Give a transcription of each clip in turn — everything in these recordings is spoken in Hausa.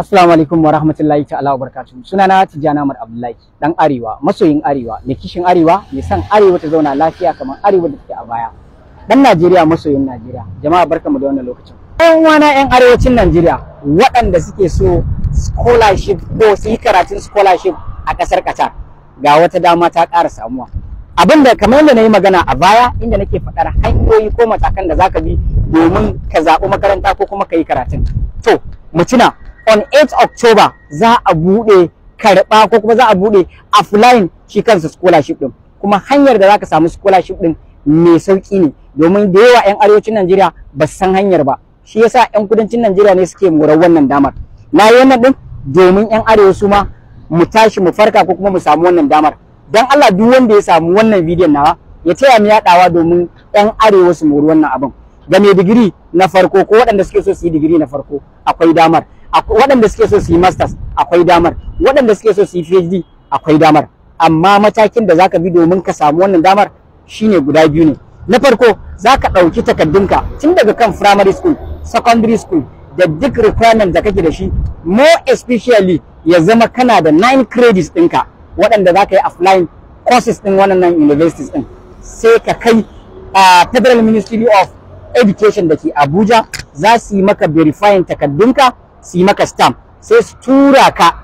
Assalamu alaikum warahmatullahi ta'ala wabarakatuh. Sunana Tijana Mar Abdullahi, dan Arewa, masoyin Arewa, mai kishin Arewa, mai son Arewa ta zauna lafiya kamar Arewa da take a baya. Dan Najeriya masoyin Najeriya. Jama'a barkamu da wannan lokacin. Ɗan wana 'yan arewacin Najeriya waɗanda suke so scholarship ko su yi karatun scholarship a ƙasar Qatar. Ga wata dama ta ƙara samuwa. Abin da kamar yadda na yi magana a baya inda nake faɗar hanyoyi ko matakan da zaka bi domin ka zaɓi makaranta ko kuma ka yi karatun. To, mu tuna on 8 October za a bude karba ko kuma za a bude offline shi kansa scholarship din kuma hanyar da zaka samu scholarship din mai sauki ne domin da yawa yan arewacin Najeriya ba san hanyar ba shi yasa yan kudancin Najeriya ne suke murar wannan damar na yi wannan din domin yan arewa su ma mu tashi mu farka ko kuma mu samu wannan damar dan Allah duk wanda ya samu wannan bidiyon nawa ya taya mu yadawa domin yan arewa su mori wannan abin ga mai digiri na farko ko waɗanda suke so su yi digiri na farko akwai damar waɗanda suke so su yi masters akwai damar waɗanda suke so su yi phd akwai damar amma matakin da zaka bi domin ka samu wannan damar shine guda biyu ne na farko zaka ɗauki takaddunka tun daga kan primary school secondary school da duk requirement da kake da shi more especially ya zama kana da nine credits ɗinka waɗanda zaka yi offline courses ɗin wannan universities ɗin sai ka kai a federal ministry of education da ke abuja za su yi maka verifying takardunka su yi maka stamp sai su tura ka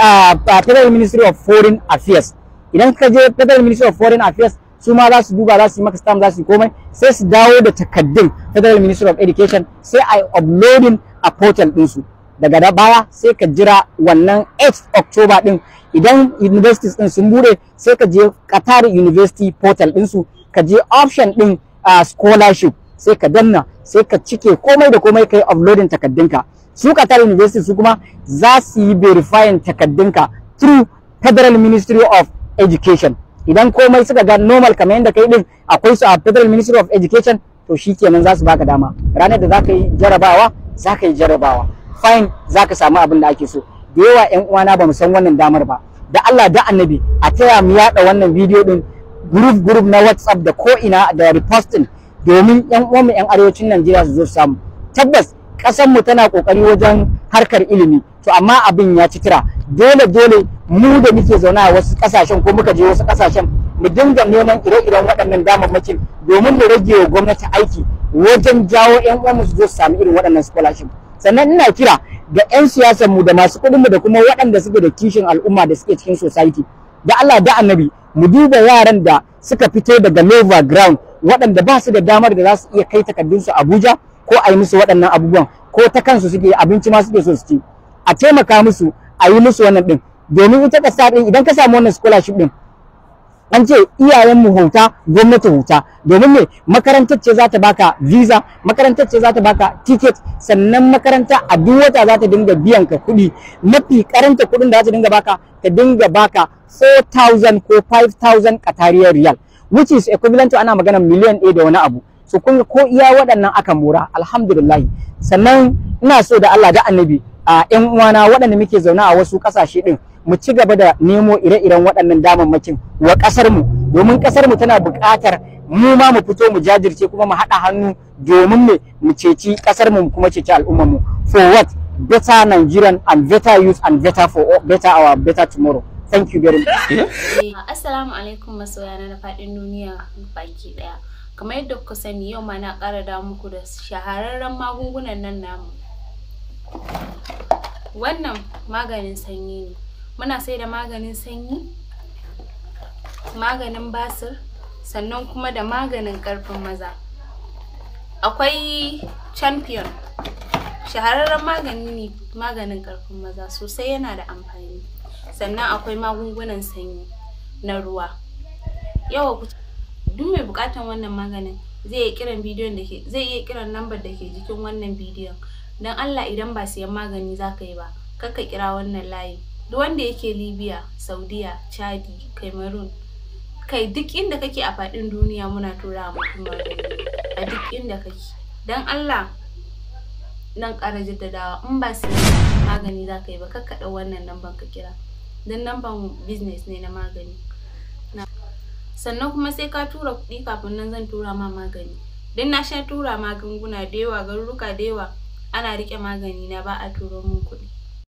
ah, federal ministry of foreign affairs idan ka je federal ministry of foreign affairs su ma za su duba za su yi maka stamp za su yi komai sai su dawo da takaddun federal ministry of education sai a uploading a portal ɗinsu daga da baya sai ka jira wannan 8 October din idan universities ɗin sun bude sai ka je Qatar University portal ɗinsu ka je option din uh, ah, scholarship sai ka danna sai ka cike komai da komai kai uploading takaddunka su Qatar University su kuma za su yi verifying takaddunka through Federal Ministry of Education idan komai suka ga normal kamar yadda kai din akwai su a Federal Ministry of Education to shikenan za su baka dama ranar da za ka yi jarabawa za ka yi jarabawa fine za ka samu abin da ake so da yawa yan uwana ba mu san wannan damar ba da Allah da annabi a taya mu yada wannan bidiyo din group group na WhatsApp da ko ina da reposting domin yan uwanmu yan arewacin Najeriya su zo su samu tabbas ƙasar mu tana kokari wajen harkar ilimi to amma abin ya ci tira dole dole mu da muke zauna a wasu ƙasashen ko muka je wasu ƙasashen mu dinga neman ire-iren waɗannan damammakin domin mu rage wa gwamnati aiki wajen jawo yan uwanmu su zo su samu irin waɗannan scholarship sannan ina kira ga 'yan siyasar mu da masu kuɗin mu da kuma waɗanda suke da kishin al'umma da suke cikin society da Allah da annabi mu duba yaran da suka fito daga lower ground waɗanda ba su da damar da za su iya kai takardunsu Abuja ko a yi musu waɗannan abubuwan ko ta kansu suke abinci ma suke so su ci a taimaka musu a yi musu wannan ɗin domin ita ƙasa ɗin idan ka samu wannan scholarship ɗin an ce iyayen mu hauta gwamnati hauta domin me makarantar ce za ta baka visa makarantar ce za ta baka ticket sannan makaranta a duk wata za ta dinga biyan ka kuɗi mafi karanta kuɗin da za ta dinga baka ta dinga baka 4000 ko 5000 katariyar riyal which is equivalent to ana magana miliyan ɗaya da wani abu so kun ko iya waɗannan aka mura alhamdulillah sannan ina so da Allah da annabi a ƴan uwana waɗanda muke zaune a wasu ƙasashe ɗin mu ci gaba da nemo ire-iren waɗannan damammakin wa ƙasar mu domin ƙasar mu tana buƙatar mu ma mu fito mu jajirce kuma mu haɗa hannu domin me mu ceci ƙasar mu kuma ceci al'ummar mu for what better Nigerian and better youth and better for better our better tomorrow thank you very much uh, assalamu alaikum masoya na faɗin duniya baki daya kamar yadda ku sani yau ma na ƙara da muku da shahararren magungunan nan namu wannan maganin sanyi ne muna sai da maganin sanyi maganin basir sannan kuma da maganin ƙarfin maza akwai champion shahararren magani ne maganin ƙarfin maza sosai yana da amfani sannan akwai magungunan sanyi na ruwa yawa duk mai bukatan wannan maganin zai iya kiran bidiyon da ke zai iya kiran lambar da ke jikin wannan bidiyon don Allah idan ba siyan magani za ka yi ba kar ka kira wannan layi duk wanda yake Libya Saudiya Chadi Cameroon kai duk inda kake a faɗin duniya muna tura mutum magani a duk inda kake don Allah nan kara jaddadawa in ba siyan magani za ka yi ba kar ka ɗau wannan lambar ka kira don lamban business ne na magani sannan kuma sai ka tura kuɗi kafin nan zan tura ma magani don na sha tura magunguna da yawa garuruka da yawa ana rike magani na ba a turo min kuɗi